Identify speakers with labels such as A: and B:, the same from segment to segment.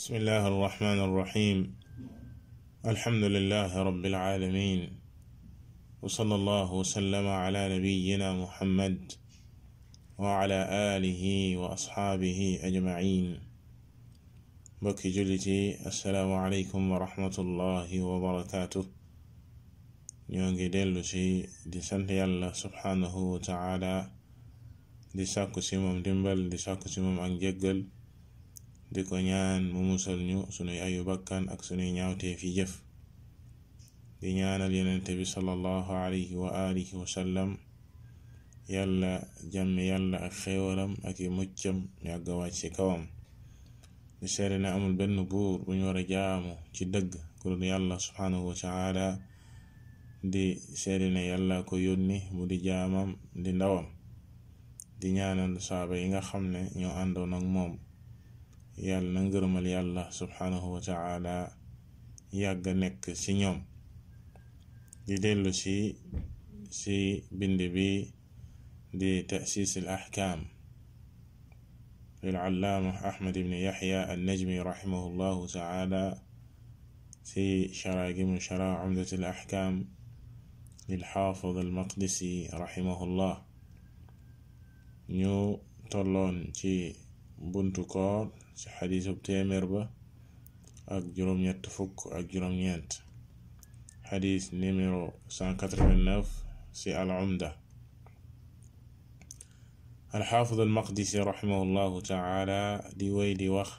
A: بسم الله الرحمن الرحيم الحمد لله رب العالمين وصلى الله وسلم على نبينا محمد وعلى آله وأصحابه أجمعين بكي جلتي السلام عليكم ورحمة الله وبركاته ñongi dellu دي di sant yàlla subhanahu wa taala di sàkku si moom dimbal di di ko ñaan mu musal ñu sunuy ayu ak sunuy ñaawtee fi jëf di ñaanal yenente bi sallallahu alayhi wa alihi wasallam yàlla jàmm yàlla ak xéewalam ak i muccam yàgg wàcc ci kawam di seede amul benn buur bu ñu war jaamu ci dëgg ku dul yàlla subhanahu wa di seede ne ko yónni mu di jaamam di ndawam di ñaanal saaba yi nga xam ne ñoo àndoon ak moom yàlla na ngërëmal yàlla subhanahu wa taala yag nek ci ñom di delu ci ci bind bi di ta'sis al ahkam lil allaama ahmad ibn yahya al najmi rahimahullahu taala si sharaa gi mu sharaa umdat al ahkam lil xaafid al maqdisi rahimahullah ñu tolloon ci buntu koor ci xadiisu téeméer ba ak juróom ñett fukk ak juróom ñeent xadiis numéro 189 ci al umda al alxaafid almaqdisi raximahu llahu taala di way di wax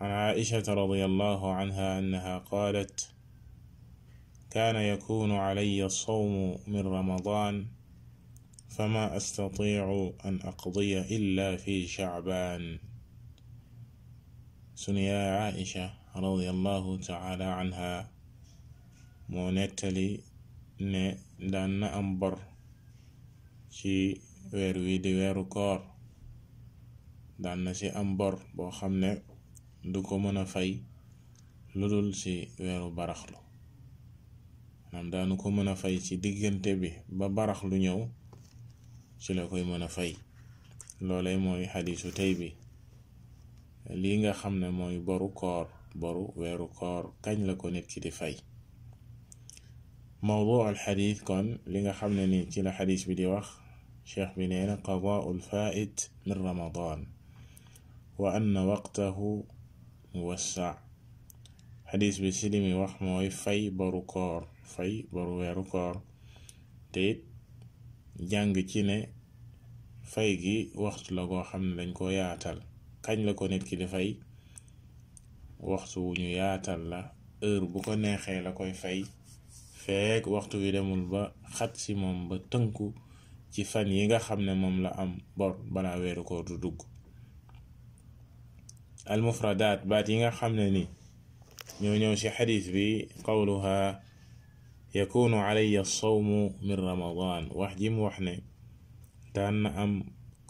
A: عن عائشة رضي الله عنها أنها قالت كان يكون علي الصوم من رمضان فما أستطيع أن أقضي إلا في شعبان sunu yaay Aisha radiyallahu taala anha moo nettali ne daan na am bor ci weer wi di weeru koor daan na ci am bor boo xam ne du ko mën a fay lu dul ci weeru baraxlu maanaam daanu ko mën a fay ci diggante bi ba baraxlu ñëw ci la koy mën a fay loolay mooy xadiisu tey bi lii nga xam ne mooy boru koor boru weeru koor kañ la ko nit ki di fay mawdu al xadiis kon li nga xam ne ni ci la xadiis bi di wax cheikh bi nee na qadaau lfaait min ramadan wa anna waqtahu muwassaa xadiis bi si li muy wax mooy fay boru koor fay boru weeru koor te it jàng ci ne fay gi waxtu la goo xam ne dañ ko yaatal kañ la ko nit ki defay waxtu ñu yaatal la heure bu ko nexé la koy fay fek waxtu wi demul ba xat ci mom ba teunku ci fan yi nga xamne mom la am bor balaa wéru ko du dugg mufradat baat yi nga xamne ni ñoo ñëw ci hadith bi qawluha يكون علي الصوم من رمضان وحجم وحنه دان ام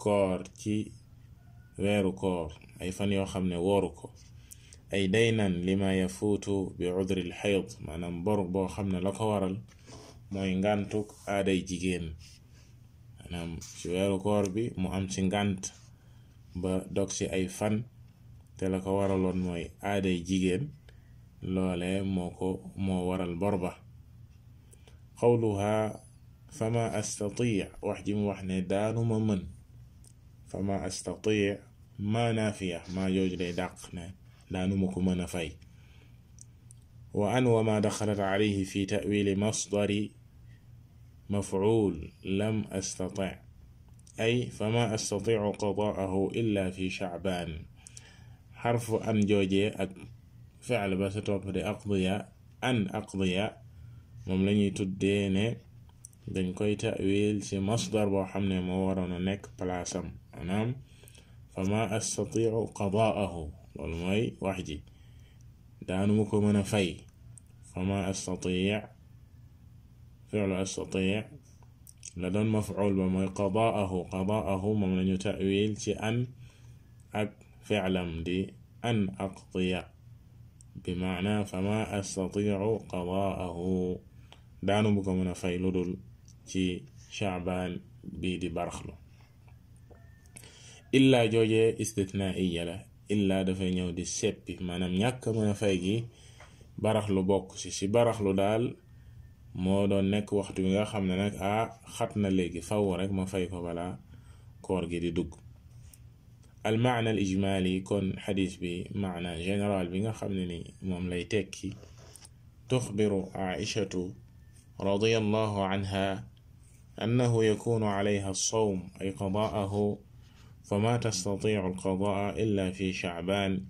A: كور تي weeru koor ay fan yoo xam ne wooru ko ay daynan lima yafuutu bi udril xayd maanaam bor boo xam ne la ko waral mooy ngàntuk aaday jigéen maanaam ci weeru koor bi mu am ci ngànt ba dog ci ay fan te la ko waraloon mooy aaday jigéen loole moo ko moo waral bor ba qawluha fama astati wax ji mu wax ne daanuma mën فما أستطيع ما نافية ما يوجد دقنا لا نمك ما نفي وأن وما دخلت عليه في تأويل مصدر مفعول لم أستطع أي فما أستطيع قضاءه إلا في شعبان حرف أن جوجي فعل بس توقف أقضي أن أقضي مملني تديني dañ koy ta'wil ci masdar bo xamne mo moo nek a manam palaasam maanaam fama astatiu qadaahu loolu mooy wax daanu mako meuna mën a fay fama astatiu fi'lu astatiu la doon maf'ul ba mooy qadaahu qadaahu moom lañu ta'wil ci an ak fi'lam di an aqtiya bi maana fama astatiu qadaahu daanu mu ci chaban bii di baraxlu illa joojee istitnaiya la illa dafay ñëw di seppi maanaam ñàkk mën a fay gi baraxlu bokk ci si baraxlu daal moo doon nekk waxtu bi nga xam ne nag a xat na léegi faw rek ma fay ko bala koor gi di dugg al maana al ijmaali kon xadis bi maana général bi nga xam ne ni moom lay tekki tuxbiru aishatu radiallahu anha أنه يكون عليها الصوم أي قضاءه فما تستطيع القضاء إلا في شعبان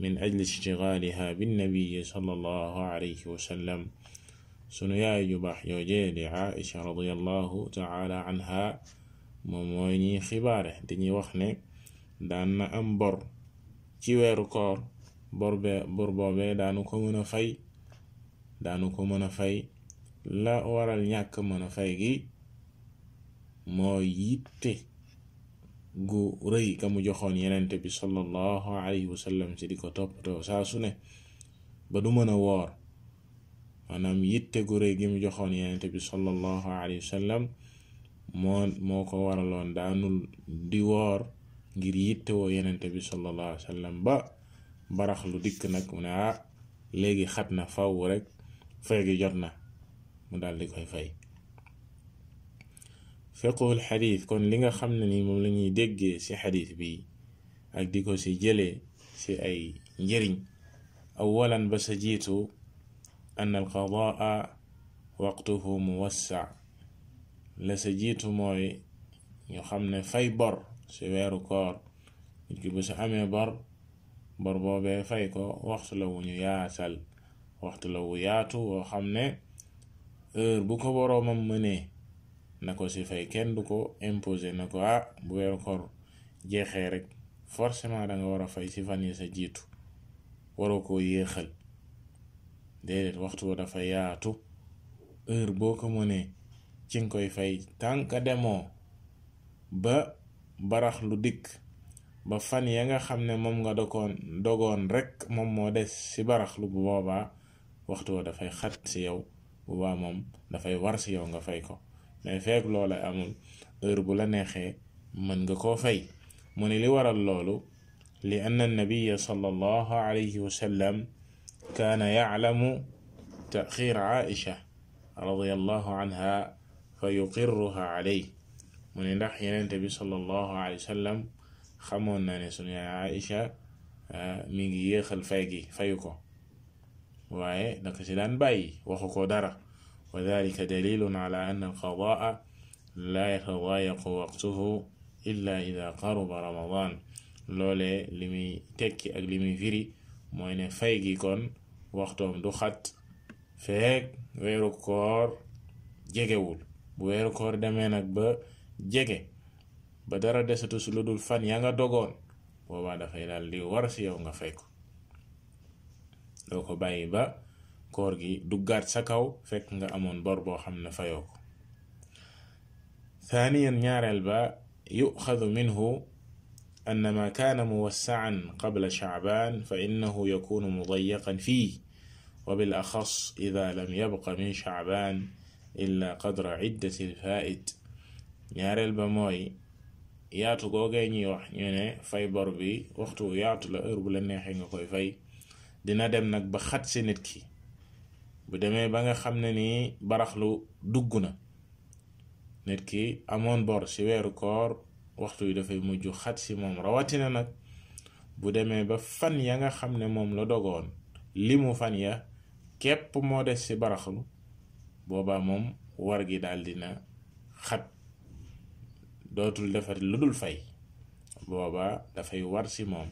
A: من أجل اشتغالها بالنبي صلى الله عليه وسلم سنيا يباح يوجد لعائشة رضي الله تعالى عنها مموني خباره دني وخني دان أمبر كيوير كور بربو بي دانو كومونا فاي دانو كومونا فاي لا ورال نياك مونا فاي moo yitte gu rëy ka mu joxoon yenente bi sallallahu alayhi wa si di ko toppatoo saa su ne ba du mën a woor maanaam yitte gu rëy gi mu joxoon yenente bi sallallahu alayhi wa moo moo ko waraloon daanul di woor ngir yitte woo yenente bi sallallahu alayhi wa ba barax lu dikk nag mu ne ah léegi xat na faw rek gi jot na mu daal di koy fay fiqhul xadiis kon li nga xam ne ni moom la ñuy déggee ci xadiis bi ak di ko ci jëlee ci ay njëriñ awalan ba sa jiitu an alqadaa waqtuhu muwassa la sa jiitu mooy ñu xam ne fay bor ci weeru koor nit ki bu sa amee bor bor boobee fay ko waxtu la wu ñu yaasal waxtu la wu yaatu woo xam ne heure bu ko boroomam mënee na ko si fay kenn du ko imposer na ko ah bu weeru koor jeexee rek forcément da war a fay si fan yi sa jiitu waroo koo yéexal déedéet waxtu wa dafa yaatu heure boo ko mënee ci nga koy fay tànka demoo ba barax dikk ba fan ya nga xam ne moom nga rek moom moo des ci baraxlu bu boobaa waxtu wa dafay xat si yow bu boobaa moom dafay war si yow nga fay ko mais feeg loola amul heure bu la neexee mën nga koo fay mu ne li waral loolu li anna nabiya sallallahu alayhi wa sallam kaana yaclamu taxir aisha radiyallahu anha fa yuqirruha alayh mu ne ndax yenente bi sallallahu alayhi wa sallam xamoon na ne sunu yaay aisha mi ngi yéexal fay gi fayu ko waaye daka si daan bàyyi waxu ko dara وذلك دليل على أن القضاء لا يتضايق وقته إلا إذا قرب رمضان loolee li muy tekki ak li muy firi mooy ne fay gi kon waxtoom du xat feek weeru koor jegewul bu weeru koor demee nag ba jege ba dara desatu si lu dul fan ya nga dogoon boobaa dafay daal di war si yow nga fay ko doo ko bàyyi ba koor gi duggaat sa kaw fekk nga amoon bor boo xam ne fayoo ko ثانيا ñaareel ba يؤخذ منه أن ما كان موسعا قبل شعبان فإنه يكون مضيقا فيه وبالأخص إذا لم يبق من شعبان إلا قدر عدة الفائت ñaareel ba mooy yaatu googee ñuy wax ñu ne fay bor bi waxtu yaatu la heure bu la neexee nga koy fay dina dem nag ba xat si nit ki bu demee ba nga xam ne nii baraxlu dugg na nit ki amoon bor si weeru koor waxtu yi dafay mujj xat si moom rawatina nag bu demee ba fan ya nga xam ne moom la dogoon limu fan ya kepp moo des ci baraxlu boobaa moom war gi daal dina xat dootul defar lu dul fay boobaa dafay war si moom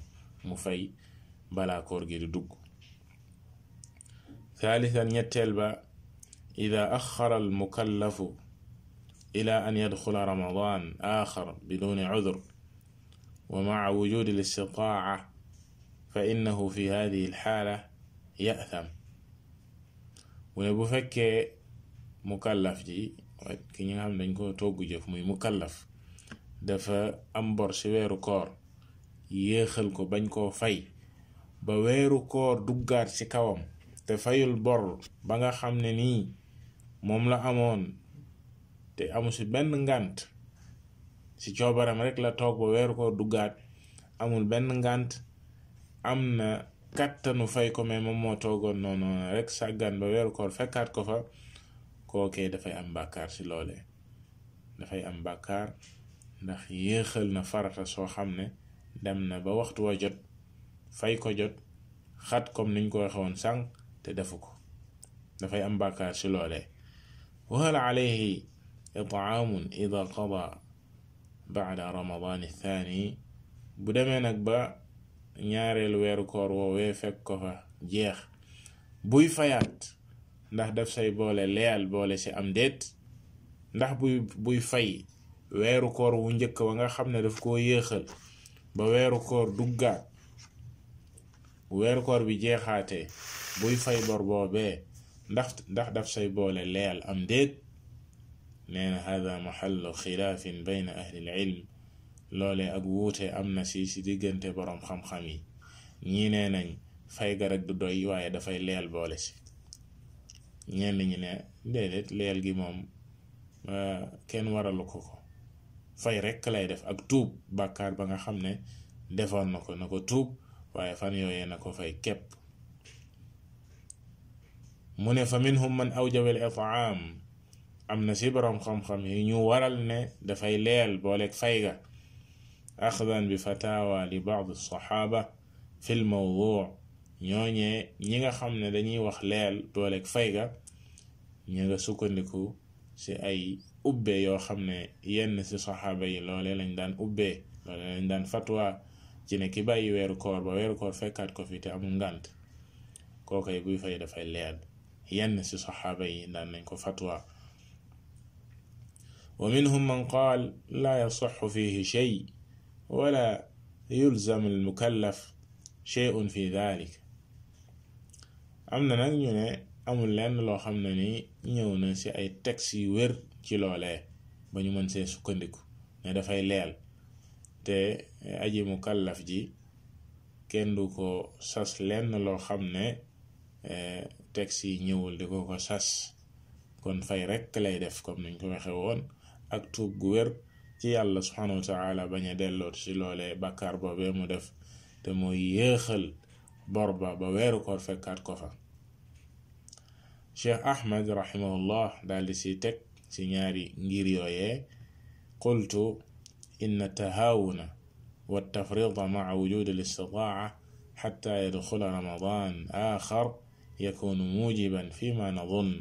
A: mu fay balaa koor gi di dugg ثالثا يتلبى إذا أخر المكلف إلى أن يدخل رمضان آخر بدون عذر ومع وجود الاستطاعة فإنه في هذه الحالة يأثم ويبفك مكلف جي كي نعم نكون توقو جي فمي مكلف دفا أمبر شوير كور يخلكو بانكو فاي بويرو كور دوغار سكوام te fayul bor ba nga xam ne nii moom la amoon te amu si benn ngànt si coobaram rek la toog ba weeru ko duggaat amul benn ngànt am na kàttanu fay ko mais moom moo toogoon noonu rek sàggan ba weeru koor fekkaat ko fa kookee dafay am bàkkaar si loole dafay am bàkkaar ndax yéexal na farata soo xam ne dem na ba waxtu wa jot fay ko jot xat comme niñ ko waxee woon sànq te defu ko dafay am bàkkaar si loole wa hal alayhi itaamun ida qada baada ramadaani thaani bu demee nag ba ñaareelu weeru koor woowee fekk ko fa jeex buy fayaat ndax daf say boole leyal boole si am déet ndax buy buy fay weeru koor wu njëkk wa nga xam ne daf koo yéexal ba weeru koor duggaat bu weeru koor bi jeexaatee buy fay bor boobee ndax ndax daf say boole leel am déet nee na hada mahallu xilaafin bayna ahlil ilm loole ak wuute am na si si diggante boroom xam-xam yi ñii nee nañ fay ga du doy waaye dafay leel boole si ñenn ñi ne déedéet leel gi moom euh, kenn waralu ko ko fay rekk lay def ak tuub bàkkaar ba nga xam ne defoon na ko na ko tuub waye fan yoyé nako fay kep mune fa minhum man awjawel itaam am na kham kham yi ñu waral ne da fay leel booleeg fayga akhdan bi fatawa li ba'd baad sahaba fi al-mawdu' ñoñe ñi nga xamne dañuy wax leel booleeg fayga ñi nga sukkandiku ci ay ubbe yo xamne yenn ci sahaba yi lolé lañ daan ubbe lolé lañ daan fatwa ci ne ki bàyyi weeru koor ba weeru koor fekkaat ko fi te amul ngànt kookay buy fay dafay leer yenn ci saxaaba yi daan nañ ko fatwa wa minhum man qaal laa yasixu fihi shay wala yulzam al mukallaf fi dalik am na nag ñu ne amul lenn loo xam ne ni ñëw na si ay textes yu wér ci loolee ba ñu mën see sukkandiku ne dafay leel te eh, aji mu kàllaf ji kenn du ko sas lenn loo xam ne eh, taxi yi ñëwul di ko ko sas kon fay rekk lay def comme niñ ko waxe woon ak tuub gu wér ci yàlla subhanahu wa taala bañ a delloot ci loolee bàkkaar boobee mu def te mooy yéexal borba ba ba weeru koor fekkaat ko fa cheikh ahmad rahimahullah daal si teg ci ñaari ngir yooyee qultu ان التهاون والتفريط مع وجود الاستطاعه حتى يدخل رمضان اخر يكون موجبا فيما نظن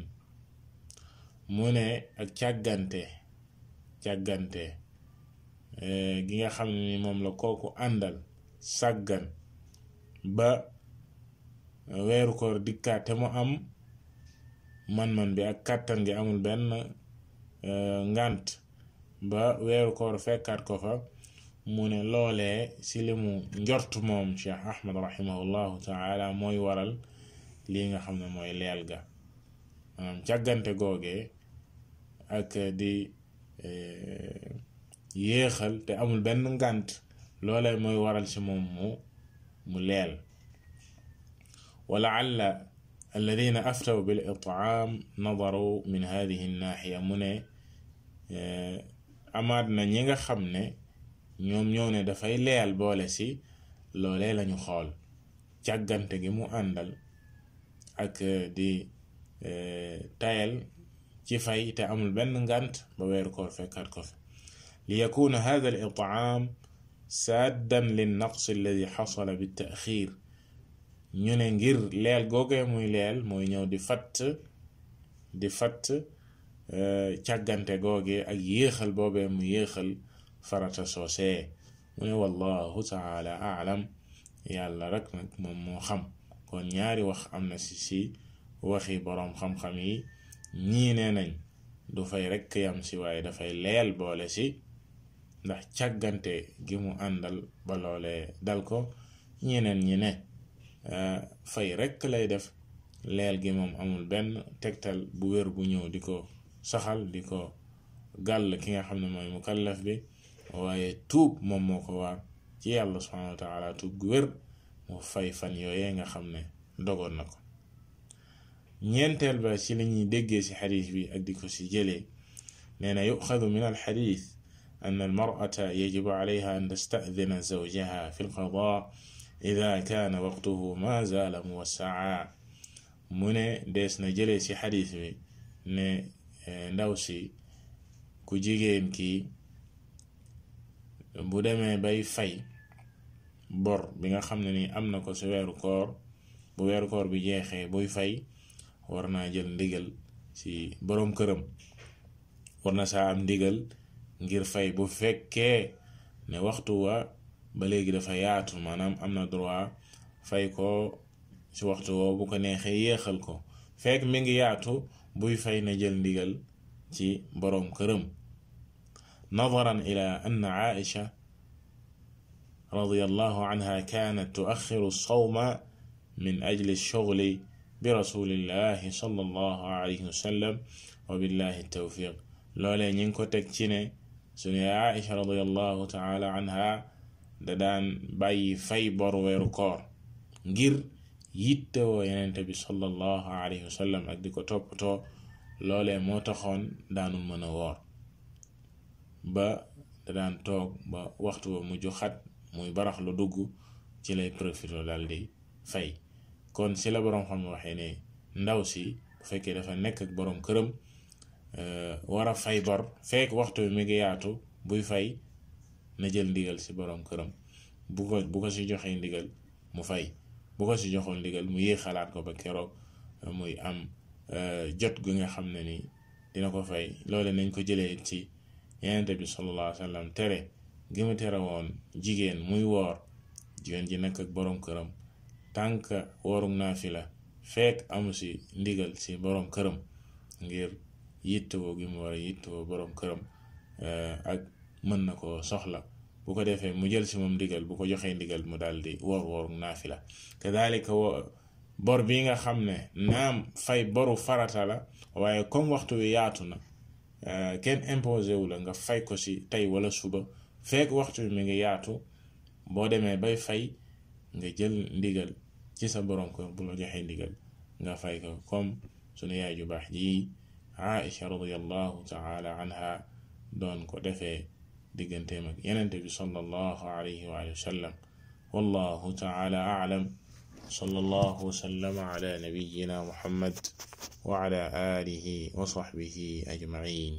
A: مني كاغانتي كاغانتي آه، جيغا خامني موم لا كوكو اندال ساغان با ويرو كور ديكا تمو ام من من بي اك امول بن ngant آه، ba wéru koor fekkaat ko fa mu ne loolee si li mu njort moom cheikh ahmad rahimahullahu taala mooy waral lii nga xam ne mooy leel ga maanaam càggante googee ak di yéexal te amul benn ngànt loolee mooy waral si moom mu mu leel walaalla alladina aftaw bil itaam nadaruu min hadihi naaxiya mu amaat na ñi nga xam ne ñoom ñoo ne dafay leyal boole si loolee lañu xool càggante gi mu àndal ak di tayal ci fay te amul benn ngànt ba weeru koor fekkaat ko fi li yakuna hada al it'am saddan lin naqs alladi xasala bi taaxir ñu ne ngir leel googee muy leel mooy ñëw di fatt di fatt Euh, càggante googee ak yéexal boobee mu yéexal farata soose mu ne wallahu taala aalam yàlla rek nag moom moo xam kon ñaari wax am na si si waxi boroom xam-xam yi ñii nee nañ du fay rekk yam si waaye dafay leel boole si ndax càggante gi mu àndal ba loolee dal ñeneen ñi ne euh, fay rekk lay def leel gi moom amul benn tegtal bu wér bu ñëw di ko saxal di ko gàll ki nga xam ne mooy mukallaf bi waaye tuub moom moo ko waar ci yàlla subhanahu wa taala tuub gu wér mu fay fan yooyee nga xam ne ndogoon na ko ñeenteel ba ci li ñuy déggee si xadis bi ak di ko si jëlee nee na yuxadu min alxadis an almarata yajibu alayha an tastadina zawjaha fi lqada ida kaana waqtuhu ma zaala muwasaa mu ne dees na jëlee ci xadiis bi ne Eh, ndaw si ku jigéen kii bu demee bay fay bor bi nga xam ne ni am na ko ci weeru koor bu weeru koor bi jeexee buy fay war naa jël ndigal si boroom këram war na saa am ndigal ngir fay bu fekkee ne waxtu wa ba léegi dafa yaatu maanaam am na droit fay ko si waxtu woo bu ko neexee yéexal ko fekk mi ngi yaatu buy fay na jël ndigal ci boroom نظرا إلى أن عائشة رضي الله عنها كانت تؤخر الصوم من أجل الشغل برسول الله صلى الله عليه وسلم وبالله التوفيق لولا نينكو تكتيني سنة عائشة رضي الله تعالى عنها دان باي في بر ويركور غير yittewoo yenente bi sallallahu alayhi wa sallam ak diko ko toppatoo loolee moo taxoon daanul mën a ba daan tok ba waxtu wa mujj xat muy barax lu dugg ci lay profito daldi fay kon ci la borom xam waxé ne ndaw si bu fekkee dafa nek ak borom kërëm euh wara fay bor fék waxtu mi ngi yaatu buy fay na jël ndigal ci borom kërëm bu ko bu ko ci joxé ndigal mu fay bu ko si joxul ndigal mu yéex xalaat ko ba keroog euh, muy am euh, jot gu nga xam ne ni dina ko fay loole nañ ko jëlee ci yenente bi sallallahu alayhi tere gi mu tere woon jigéen muy woor jigéen ji nekk ak boroom këram tànk woorum la fekk amu si ndigal si borom këram ngir yittewoo gi mu war a yittewoo borom këram euh, ak mën na ko soxla bu ko defee mu jël si moom ndigal bu ko joxee ndigal mu daal di woor woor naafila kadalika bor bi nga xam ne naam fay boru farata la waaye comme waxtu wi yaatu na euh, kenn imposé wu la nga fay ko si tey wala suba fekk waxtu wi mi ngi yaatu boo demee bay fay nga jël ndigal ci sa borom ko bu la joxee ndigal nga fay ko comme sunu yaay ju baax ji Aisha radiyallahu taala anha doon ko defee digganteem ak yenente bi sallallahu alayhi wa sallam wallahu taala alam صلى الله وسلم على نبينا محمد وعلى آله وصحبه أجمعين